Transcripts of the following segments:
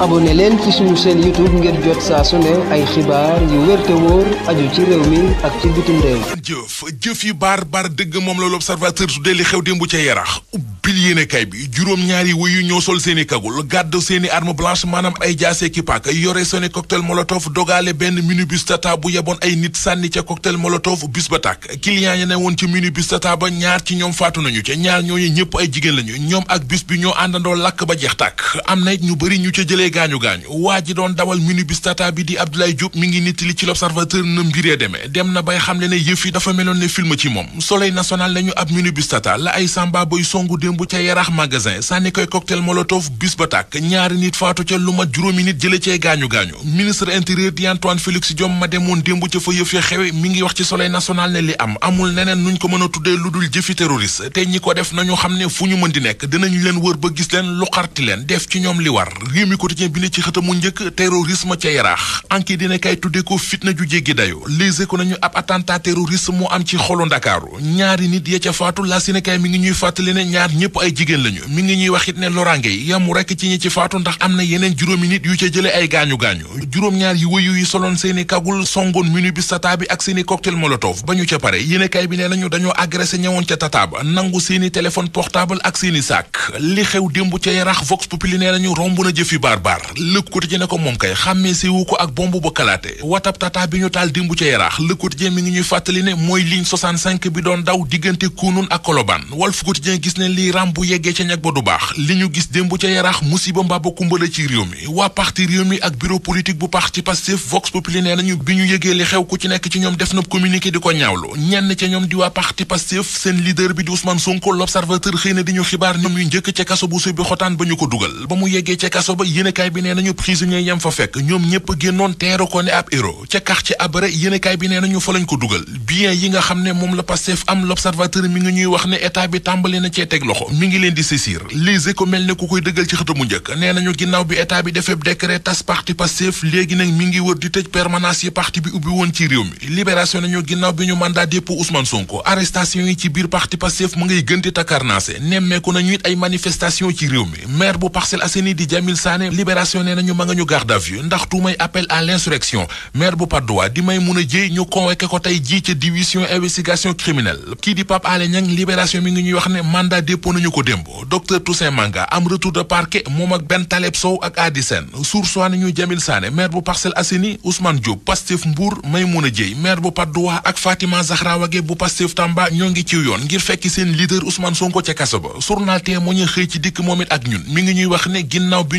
abonné leen ci suñu chaîne YouTube ngir jot saa su ne ay xibaar yu wér wóor aju ci réew mi ak ci bitim réew. jëf jëf yi baar baar dëgg moom la l'observateur su dee xew démb ca yarax bil yéene bi juróom-ñaari wuyu ñoo sol seeni kagul gàddu seeni arme blanche maanaam ay jaase ki paak yore seeni cocktail molotov dogaale benn minibus tata bu yeboon ay nit sànni ca cocktail molotov bis ba tàkk client yi ne woon ci minibus tata ba ñaar ci ñoom faatu nañu ca ñaar ñooñu ñëpp ay jigéen lañu ñoom ak bis bi ñoo àndandoo lakk ba jeex tàkk jëlee gaañu-gaañu waa ji doon dawal minibus tata bi di Abdoulaye Diop mi ngi nettali ci l'Observateur na mbiree demee dem na bay xam le ne yëf yi dafa meloon ne film ci moom Soleil national nañu ab minibus tata la ay samba boy songu démb ca Yarax magasin sànni koy cocktail molotov bis ba tàkk ñaari nit faatu ca lu mat juróomi nit jëlee cee gaañu-gaañu ministre intérieur di Antoine Félix Diome ma demoon démb ca fa yëf ya xewe mi ngi wax ci Soleil national ne li am amul neneen ba gis leen lu xarti leen def ci li quotidien bi ne ci xëtamu njëkk terrorisme ca yaraax anki dina kay tuddee ko fitna ju jéggi dayo léegi ko nañu ab attentat terroriste moo am ci xolu ndakaaru ñaari nit ya ca faatu la mi ngi ñuy fàttali ne ñaar ñëpp ay jigéen lañu mi ngi ñuy wax it ne loraange yi rek ci ñi ci faatu ndax am na yeneen juróomi nit yu ca jële ay gaañu gaañu juróom-ñaar yu wëyu yi soloon seeni kagul songoon minu bi sata bi ak seeni cocktail molotov ba ñu ca pare yéene kay bi nee nañu dañoo agressé ñëwoon ca tata ba nangu seeni téléphone portable ak seeni sac li xew démb ca yarax vox populi nee nañu romb na jëfi baar xibaar Le Quotidien ne ko moom kay xàmmee siwu ko ak bomb bu kalaate watab tata bi ñu taal dimbu ca yaraax Le Quotidien mi ngi ñuy fàttali ne mooy ligne bi doon daw diggante Kounoune ak Colobane Walf Quotidien gis ne lii bu yeggee ca ñag ba du baax li ñu gis démb ca yaraax musiba mbaaba kumbala ci réew mi waa parti réew mi ak bureau politique bu pax ci Pastef Vox Populi nee nañu bi ñu yëgee li xew ku ci nekk ci ñoom def na communiqué di ko ñaawlu ñenn yéenekaay bi nee nañu prisonnier yam fa fekk ñoom ñëpp ginnaaw bi état bi defee décret tas parti Pastef léegi nag mi ngi wër di tëj permanence yi parti bi ubbi woon ci réew mi libération nañu ginnaaw bi ñu mandat dépôt Ousmane Sonko arrestation yi ci biir parti Pastef mu ngay gën takkarnaase nemmeeku nañu it ay manifestation ci réew mi maire bu Parcelles Assainies di Jamil Sané libération nee na ma nga ñu garde à vue ndax tuumay appel à l'insurrection maire bu Patte d'Oie di Maïmouna Dièye ñu convoqué ko tey jii ca division investigation criminelle kii di Pape Alé Niang libération mi ngi ñuy wax ne mandat dépôt nañu ko démb docteur Toussaint Manga am retour de parquet moom ak Ben Taleb Sow ak Adi Sène soursoa ñu Jamil Sané maire bu Parcelles Assainies Ousmane Diop Pastef Mbour Maïmouna Dièye maire bu Patte ak Fatima Zahra Wagué bu Pastef Tamba ñoo ngi ci yoon ngir fekki seen leader Ousmane Sonko ca kaso ba journal Témoin ñun mi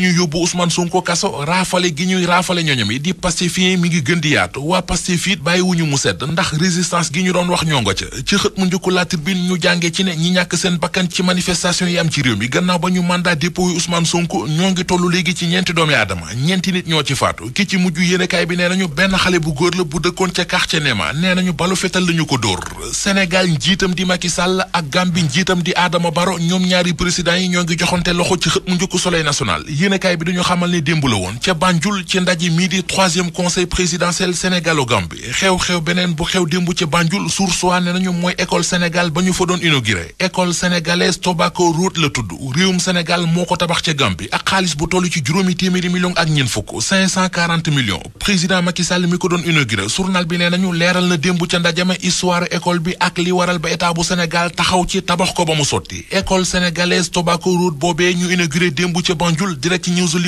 ñu yóbbu Ousmane Ousmane Sonko kaso raafale gi ñuy raafale ñoñom yi di pacifier mi ngi gën di yaatu waa Pastef it bàyyiwuñu mu sedd ndax résistance gi ñu doon wax ñongo ca ci xët mu njëkku La ñu jàngee ci ne ñi ñàkk seen bakkan ci manifestation yi am ci réew mi gannaaw ba ñu mandat dépôt yu Ousmane Sonko ñoo ngi toll léegi ci ñeenti doomi aadama ñeenti nit ñoo ci faatu ki ci mujj yéenekaay bi nee nañu benn xale bu góor la bu dëkkoon ca quartier Néma nee nañu balu fetal lañu ko dóor Sénégal njiitam di Macky Sall ak Gambie njiitam di Adama Barrow ñoom ñaari président yi ñoo ngi joxante loxo ci xët mu njëkku Soleil national yéenekaay bi duñu xamal ne démb la woon ca Banjul ci ndaje mii di troisième conseil présidentiel sénégalo-gambie xew-xew beneen bu xew démb ca Banjul source waa ne nañu mooy école Sénégal ba ñu fa doon inauguré école sénégalaise Tobacco Road la tudd réewum Sénégal moo ko tabax ca Gambie ak xaalis bu toll ci juróomi téeméeri millions ak ñeent fukk 540 millions président Macky Sall mi ko doon inauguré journal bi nee nañu leeral na démb ca ndajame histoire école bi ak li waral ba état bu Sénégal taxaw ci tabax ko ba mu sotti école sénégalaise Tobacco Road boobee ñu inauguré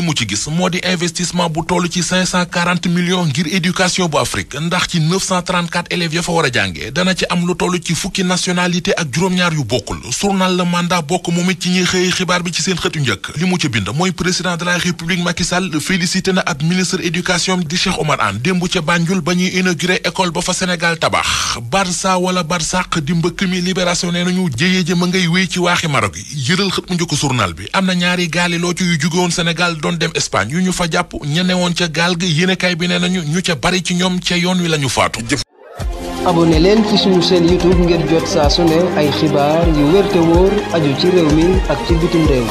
li mu ci gis moo di investissement bu toll ci cinq ngir éducation bu Afrique ndax ci neuf cent trente a dana ci am lu toll ci fukki nationalité ak juróom-ñaar yu bokkul journal Le Mandat bokk moom ci ñuy xëyee xibaar bi ci seen xëtu njëkk li mu ci bind mooy président de la république Macky Sall na ab ministre éducation di Cheikh Omar Anne démb ca Banjul ba ñuy inauguré école ba fa Sénégal tabax Barça wala Barsaq di mbëkk mi libération nee a doon dem yu ñu fa jàpp ña newoon ca gaal ga yéenekaay bi nee nañu ñu ca bari ci ñoom ca yoon wi la ñu faatu. abonné leen ci suñu chaîne YouTube ngir jot saa su ne ay xibaar yu wér te wóor aju ci réew mi ak ci bitim réew.